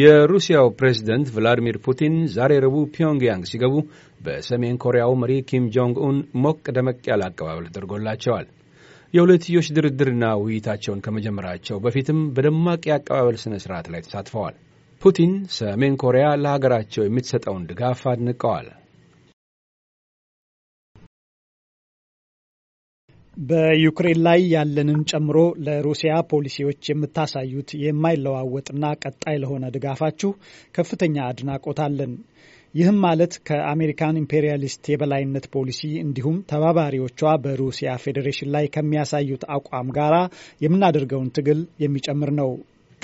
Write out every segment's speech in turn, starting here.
የሩሲያው ፕሬዝደንት ቭላዲሚር ፑቲን ዛሬ ረቡዕ ፒዮንግያንግ ሲገቡ በሰሜን ኮሪያው መሪ ኪም ጆንግ ኡን ሞቅ ደመቅ ያለ አቀባበል ተደርጎላቸዋል። የሁለትዮሽ ድርድርና ውይይታቸውን ከመጀመራቸው በፊትም በደማቅ የአቀባበል ሥነ ሥርዓት ላይ ተሳትፈዋል። ፑቲን ሰሜን ኮሪያ ለሀገራቸው የምትሰጠውን ድጋፍ አድንቀዋል። በዩክሬን ላይ ያለንን ጨምሮ ለሩሲያ ፖሊሲዎች የምታሳዩት የማይለዋወጥና ቀጣይ ለሆነ ድጋፋችሁ ከፍተኛ አድናቆት አለን። ይህም ማለት ከአሜሪካን ኢምፔሪያሊስት የበላይነት ፖሊሲ እንዲሁም ተባባሪዎቿ በሩሲያ ፌዴሬሽን ላይ ከሚያሳዩት አቋም ጋር የምናደርገውን ትግል የሚጨምር ነው።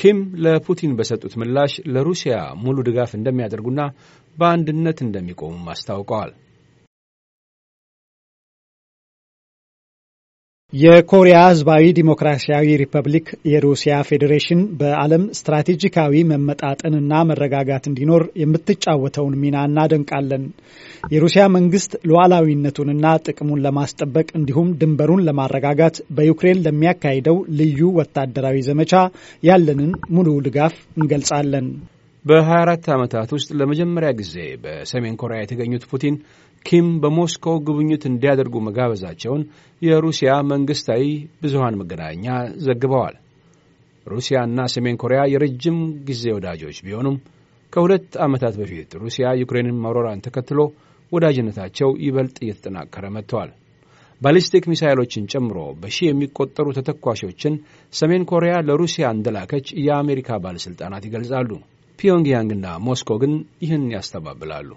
ኪም ለፑቲን በሰጡት ምላሽ ለሩሲያ ሙሉ ድጋፍ እንደሚያደርጉና በአንድነት እንደሚቆሙም አስታውቀዋል። የኮሪያ ህዝባዊ ዲሞክራሲያዊ ሪፐብሊክ የሩሲያ ፌዴሬሽን በዓለም ስትራቴጂካዊ መመጣጠንና መረጋጋት እንዲኖር የምትጫወተውን ሚና እናደንቃለን። የሩሲያ መንግስት ሉዓላዊነቱንና ጥቅሙን ለማስጠበቅ እንዲሁም ድንበሩን ለማረጋጋት በዩክሬን ለሚያካሂደው ልዩ ወታደራዊ ዘመቻ ያለንን ሙሉ ድጋፍ እንገልጻለን። በ24 ዓመታት ውስጥ ለመጀመሪያ ጊዜ በሰሜን ኮሪያ የተገኙት ፑቲን ኪም በሞስኮው ጉብኝት እንዲያደርጉ መጋበዛቸውን የሩሲያ መንግሥታዊ ብዙሃን መገናኛ ዘግበዋል። ሩሲያና ሰሜን ኮሪያ የረጅም ጊዜ ወዳጆች ቢሆኑም ከሁለት ዓመታት በፊት ሩሲያ ዩክሬንን መውረሯን ተከትሎ ወዳጅነታቸው ይበልጥ እየተጠናከረ መጥተዋል። ባሊስቲክ ሚሳይሎችን ጨምሮ በሺህ የሚቆጠሩ ተተኳሾችን ሰሜን ኮሪያ ለሩሲያ እንደላከች የአሜሪካ ባለሥልጣናት ይገልጻሉ። ፒዮንግያንግና ሞስኮ ግን ይህን ያስተባብላሉ።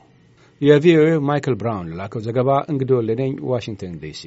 የቪኦኤ ማይክል ብራውን ላከው ዘገባ እንግዶ ለነኝ ዋሽንግተን ዲሲ